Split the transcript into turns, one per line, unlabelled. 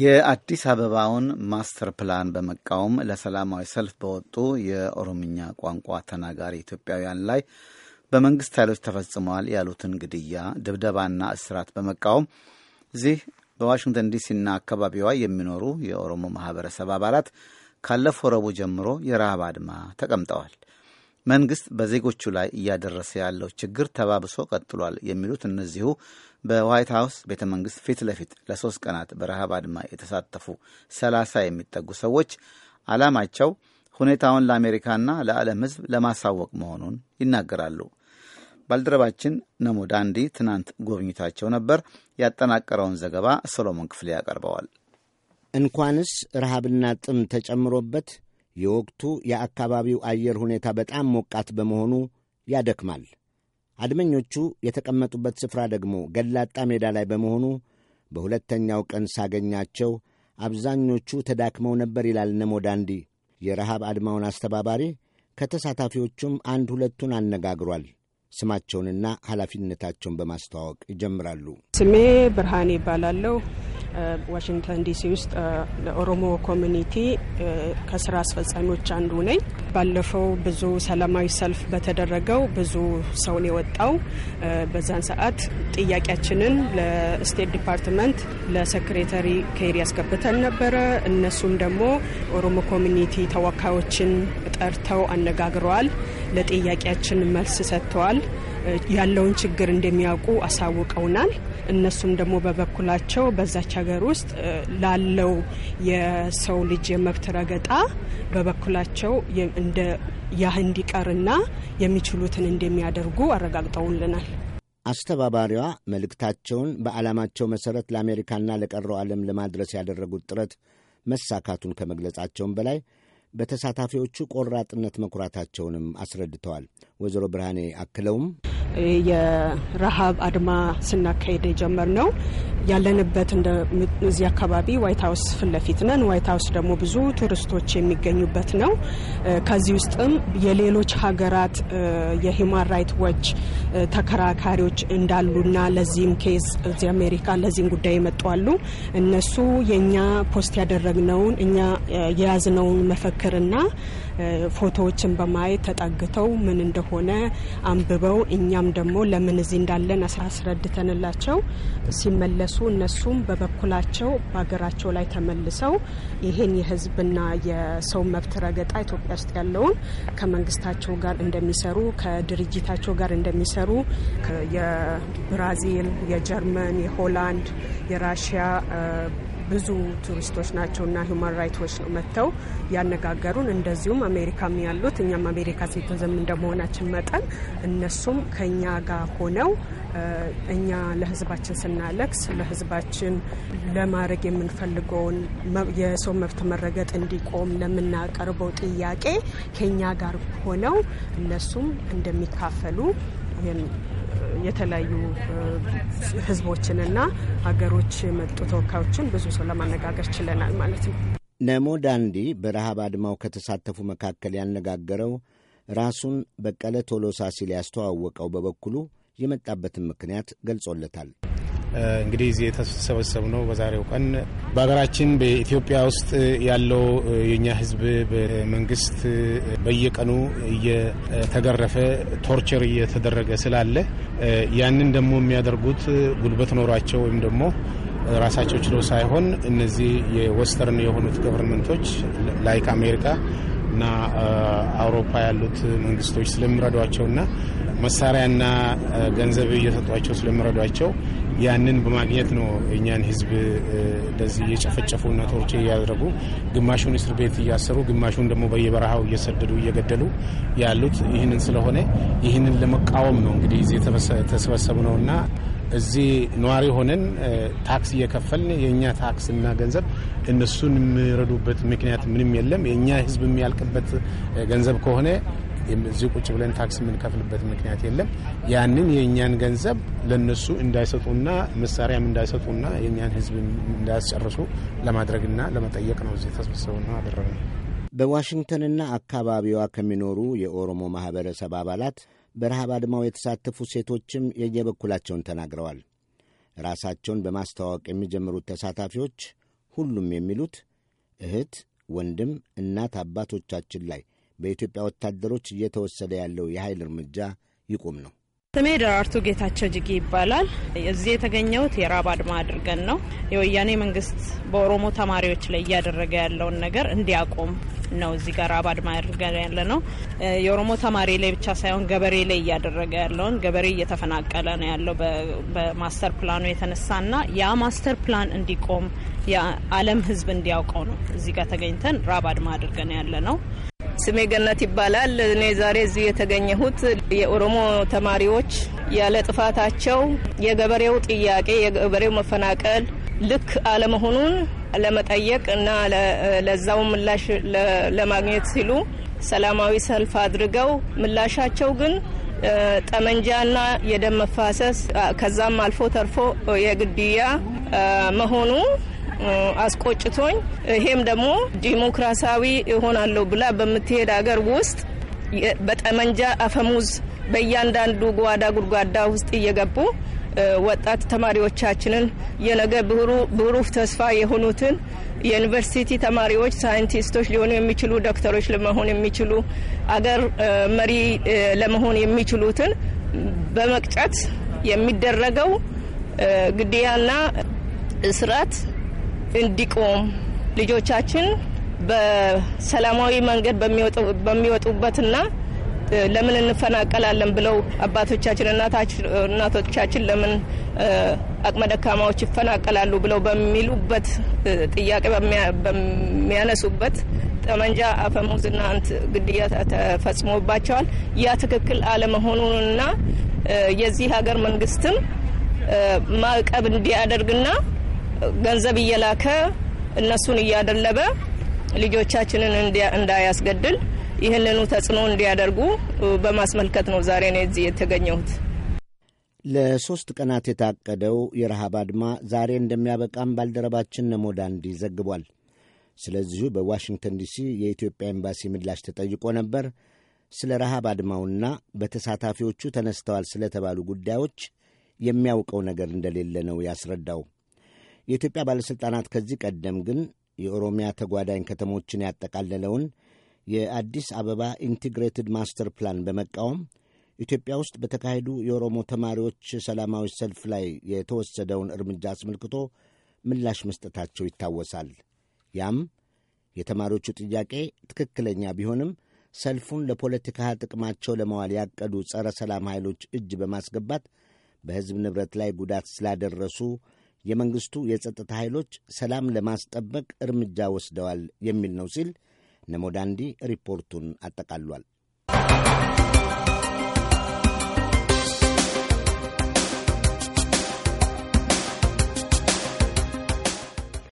የአዲስ አበባውን ማስተር ፕላን በመቃወም ለሰላማዊ ሰልፍ በወጡ የኦሮምኛ ቋንቋ ተናጋሪ ኢትዮጵያውያን ላይ በመንግስት ኃይሎች ተፈጽመዋል ያሉትን ግድያ፣ ድብደባና እስራት በመቃወም እዚህ በዋሽንግተን ዲሲና አካባቢዋ የሚኖሩ የኦሮሞ ማህበረሰብ አባላት ካለፈው ረቡዕ ጀምሮ የረሃብ አድማ ተቀምጠዋል። መንግስት በዜጎቹ ላይ እያደረሰ ያለው ችግር ተባብሶ ቀጥሏል የሚሉት እነዚሁ በዋይት ሀውስ ቤተ መንግስት ፊት ለፊት ለሶስት ቀናት በረሃብ አድማ የተሳተፉ ሰላሳ የሚጠጉ ሰዎች ዓላማቸው ሁኔታውን ለአሜሪካና ለዓለም ህዝብ ለማሳወቅ መሆኑን ይናገራሉ። ባልደረባችን ነሞ ዳንዲ ትናንት ጎብኝታቸው ነበር። ያጠናቀረውን ዘገባ ሰሎሞን ክፍሌ ያቀርበዋል። እንኳንስ ረሃብና ጥም ተጨምሮበት የወቅቱ የአካባቢው አየር ሁኔታ በጣም ሞቃት በመሆኑ ያደክማል። አድመኞቹ የተቀመጡበት ስፍራ ደግሞ ገላጣ ሜዳ ላይ በመሆኑ በሁለተኛው ቀን ሳገኛቸው አብዛኞቹ ተዳክመው ነበር ይላል ነሞዳንዲ። የረሃብ አድማውን አስተባባሪ ከተሳታፊዎቹም አንድ ሁለቱን አነጋግሯል። ስማቸውንና ኃላፊነታቸውን በማስተዋወቅ ይጀምራሉ።
ስሜ ብርሃኔ ይባላለሁ። ዋሽንግተን uh, ዲሲ ውስጥ uh, ለኦሮሞ ኮሚኒቲ uh, ከስራ አስፈጻሚዎች አንዱ ነኝ። ባለፈው ብዙ ሰላማዊ ሰልፍ በተደረገው ብዙ ሰውን የወጣው በዛን ሰዓት ጥያቄያችንን ለስቴት ዲፓርትመንት ለሴክሬተሪ ኬሪ ያስገብተን ነበረ። እነሱም ደግሞ ኦሮሞ ኮሚኒቲ ተወካዮችን ጠርተው አነጋግረዋል። ለጥያቄያችን መልስ ሰጥተዋል። ያለውን ችግር እንደሚያውቁ አሳውቀውናል። እነሱም ደግሞ በበኩላቸው በዛች ሀገር ውስጥ ላለው የሰው ልጅ የመብት ረገጣ በበኩላቸው እንደ ያህ እንዲቀርና የሚችሉትን እንደሚያደርጉ አረጋግጠውልናል።
አስተባባሪዋ መልእክታቸውን በዓላማቸው መሠረት ለአሜሪካና ለቀረው ዓለም ለማድረስ ያደረጉት ጥረት መሳካቱን ከመግለጻቸውም በላይ በተሳታፊዎቹ ቆራጥነት መኩራታቸውንም አስረድተዋል። ወይዘሮ ብርሃኔ አክለውም
የረሃብ አድማ ስናካሄድ ነው። ያለንበት እዚህ አካባቢ ዋይት ሀውስ ፊት ለፊት ነን። ዋይት ሀውስ ደግሞ ብዙ ቱሪስቶች የሚገኙበት ነው። ከዚህ ውስጥም የሌሎች ሀገራት የሂማን ራይት ዎች ተከራካሪዎች እንዳሉና ለዚህም ኬዝ እዚህ አሜሪካ ለዚህም ጉዳይ ይመጧሉ። እነሱ የእኛ ፖስት ያደረግነውን እኛ የያዝነውን መፈክርና ፎቶዎችን በማየት ተጠግተው ምን እንደሆነ አንብበው እኛ እኛም ደግሞ ለምን እዚህ እንዳለን አስረድተንላቸው ሲመለሱ እነሱም በበኩላቸው በሀገራቸው ላይ ተመልሰው ይህን የህዝብና የሰው መብት ረገጣ ኢትዮጵያ ውስጥ ያለውን ከመንግስታቸው ጋር እንደሚሰሩ ከድርጅታቸው ጋር እንደሚሰሩ የብራዚል፣ የጀርመን፣ የሆላንድ፣ የራሽያ ብዙ ቱሪስቶች ናቸውና ሁማን ራይቶች ነው መጥተው ያነጋገሩን። እንደዚሁም አሜሪካም ያሉት እኛም አሜሪካ ሲቲዝን እንደመሆናችን መጠን እነሱም ከኛ ጋር ሆነው እኛ ለህዝባችን ስናለቅስ ለህዝባችን ለማድረግ የምንፈልገውን የሰው መብት መረገጥ እንዲቆም ለምናቀርበው ጥያቄ ከኛ ጋር ሆነው እነሱም እንደሚካፈሉ የተለያዩ ህዝቦችንና ሀገሮች የመጡ ተወካዮችን ብዙ ሰው ለማነጋገር ችለናል ማለት ነው።
ነሞ ዳንዲ በረሃብ አድማው ከተሳተፉ መካከል ያነጋገረው ራሱን በቀለ ቶሎሳ ሲል ያስተዋወቀው በበኩሉ የመጣበትን ምክንያት ገልጾለታል።
እንግዲህ እዚህ ነው በዛሬው ቀን በሀገራችን በኢትዮጵያ ውስጥ ያለው የኛ ህዝብ በመንግስት በየቀኑ እየተገረፈ ቶርቸር እየተደረገ ስላለ ያንን ደግሞ የሚያደርጉት ጉልበት ኖሯቸው ወይም ደግሞ ራሳቸው ችሎ ሳይሆን እነዚህ የወስተርን የሆኑት ገቨርንመንቶች ላይክ አሜሪካ እና አውሮፓ ያሉት መንግስቶች ስለሚረዷቸውና መሳሪያና ገንዘብ እየሰጧቸው ስለሚረዷቸው ያንን በማግኘት ነው እኛን ህዝብ እንደዚህ እየጨፈጨፉና ቶርቼ እያደረጉ ግማሹን እስር ቤት እያሰሩ ግማሹን ደግሞ በየበረሃው እየሰደዱ እየገደሉ ያሉት ይህንን ስለሆነ ይህንን ለመቃወም ነው እንግዲህ የተሰበሰብ ነውና እዚህ ነዋሪ ሆነን ታክስ እየከፈልን የእኛ ታክስና ገንዘብ እነሱን የሚረዱበት ምክንያት ምንም የለም። የእኛ ህዝብ የሚያልቅበት ገንዘብ ከሆነ እዚህ ቁጭ ብለን ታክስ የምንከፍልበት ምክንያት የለም። ያንን የእኛን ገንዘብ ለነሱ እንዳይሰጡና መሳሪያም እንዳይሰጡና የእኛን ህዝብ እንዳያስጨርሱ ለማድረግና ለመጠየቅ ነው እዚህ ተሰብስበን አደረግነው።
በዋሽንግተንና አካባቢዋ ከሚኖሩ የኦሮሞ ማህበረሰብ አባላት በረሃብ አድማው የተሳተፉ ሴቶችም የየበኩላቸውን ተናግረዋል። ራሳቸውን በማስተዋወቅ የሚጀምሩት ተሳታፊዎች ሁሉም የሚሉት እህት፣ ወንድም፣ እናት አባቶቻችን ላይ በኢትዮጵያ ወታደሮች እየተወሰደ ያለው የኃይል እርምጃ ይቁም ነው።
ስሜ ደራርቱ ጌታቸው ጅጊ ይባላል። እዚህ የተገኘሁት የራብ አድማ አድርገን ነው። የወያኔ መንግስት በኦሮሞ ተማሪዎች ላይ እያደረገ ያለውን ነገር እንዲያቆም ነው እዚህ ጋር አባድማ ያደርገ ያለ ነው። የኦሮሞ ተማሪ ላይ ብቻ ሳይሆን ገበሬ ላይ እያደረገ ያለውን ገበሬ እየተፈናቀለ ነው ያለው በማስተር ፕላኑ የተነሳና ያ ማስተር ፕላን እንዲቆም የዓለም ሕዝብ እንዲያውቀው ነው እዚህ ጋር ተገኝተን ራብ አድማ አድርገን ያለ ነው። ስሜ ገነት ይባላል። እኔ ዛሬ እዚህ የተገኘሁት የኦሮሞ ተማሪዎች ያለ ጥፋታቸው የገበሬው ጥያቄ የገበሬው መፈናቀል ልክ አለመሆኑን ለመጠየቅ እና ለዛው ምላሽ ለማግኘት ሲሉ ሰላማዊ ሰልፍ አድርገው ምላሻቸው ግን ጠመንጃና የደም መፋሰስ ከዛም አልፎ ተርፎ የግድያ መሆኑ አስቆጭቶኝ ይሄም ደግሞ ዲሞክራሲያዊ እሆናለሁ ብላ በምትሄድ አገር ውስጥ በጠመንጃ አፈሙዝ በእያንዳንዱ ጓዳ ጉድጓዳ ውስጥ እየገቡ ወጣት ተማሪዎቻችንን የነገ ብሩህ ተስፋ የሆኑትን የዩኒቨርሲቲ ተማሪዎች ሳይንቲስቶች ሊሆኑ የሚችሉ ዶክተሮች ለመሆን የሚችሉ አገር መሪ ለመሆን የሚችሉትን በመቅጨት የሚደረገው ግድያና እስራት እንዲቆም ልጆቻችን በሰላማዊ መንገድ በሚወጡበትና ለምን እንፈናቀላለን ብለው አባቶቻችን እናቶቻችን ለምን አቅመ ደካማዎች ይፈናቀላሉ ብለው በሚሉበት ጥያቄ በሚያነሱበት ጠመንጃ አፈሙዝና ግድያ ተፈጽሞባቸዋል። ያ ትክክል አለመሆኑንና የዚህ ሀገር መንግስትም ማዕቀብ እንዲያደርግና ገንዘብ እየላከ እነሱን እያደለበ ልጆቻችንን እንዳያስገድል ይህንኑ ተጽዕኖ እንዲያደርጉ በማስመልከት ነው ዛሬ እኔ እዚህ የተገኘሁት።
ለሶስት ቀናት የታቀደው የረሃብ አድማ ዛሬ እንደሚያበቃም ባልደረባችን ነሞዳ ዘግቧል። ስለዚሁ በዋሽንግተን ዲሲ የኢትዮጵያ ኤምባሲ ምላሽ ተጠይቆ ነበር። ስለ ረሃብ አድማውና በተሳታፊዎቹ ተነስተዋል ስለተባሉ ጉዳዮች የሚያውቀው ነገር እንደሌለ ነው ያስረዳው። የኢትዮጵያ ባለሥልጣናት ከዚህ ቀደም ግን የኦሮሚያ ተጓዳኝ ከተሞችን ያጠቃለለውን የአዲስ አበባ ኢንቲግሬትድ ማስተር ፕላን በመቃወም ኢትዮጵያ ውስጥ በተካሄዱ የኦሮሞ ተማሪዎች ሰላማዊ ሰልፍ ላይ የተወሰደውን እርምጃ አስመልክቶ ምላሽ መስጠታቸው ይታወሳል። ያም የተማሪዎቹ ጥያቄ ትክክለኛ ቢሆንም ሰልፉን ለፖለቲካ ጥቅማቸው ለመዋል ያቀዱ ጸረ ሰላም ኃይሎች እጅ በማስገባት በሕዝብ ንብረት ላይ ጉዳት ስላደረሱ የመንግሥቱ የጸጥታ ኃይሎች ሰላም ለማስጠበቅ እርምጃ ወስደዋል የሚል ነው ሲል ነሞዳንዲ ሪፖርቱን አጠቃልሏል።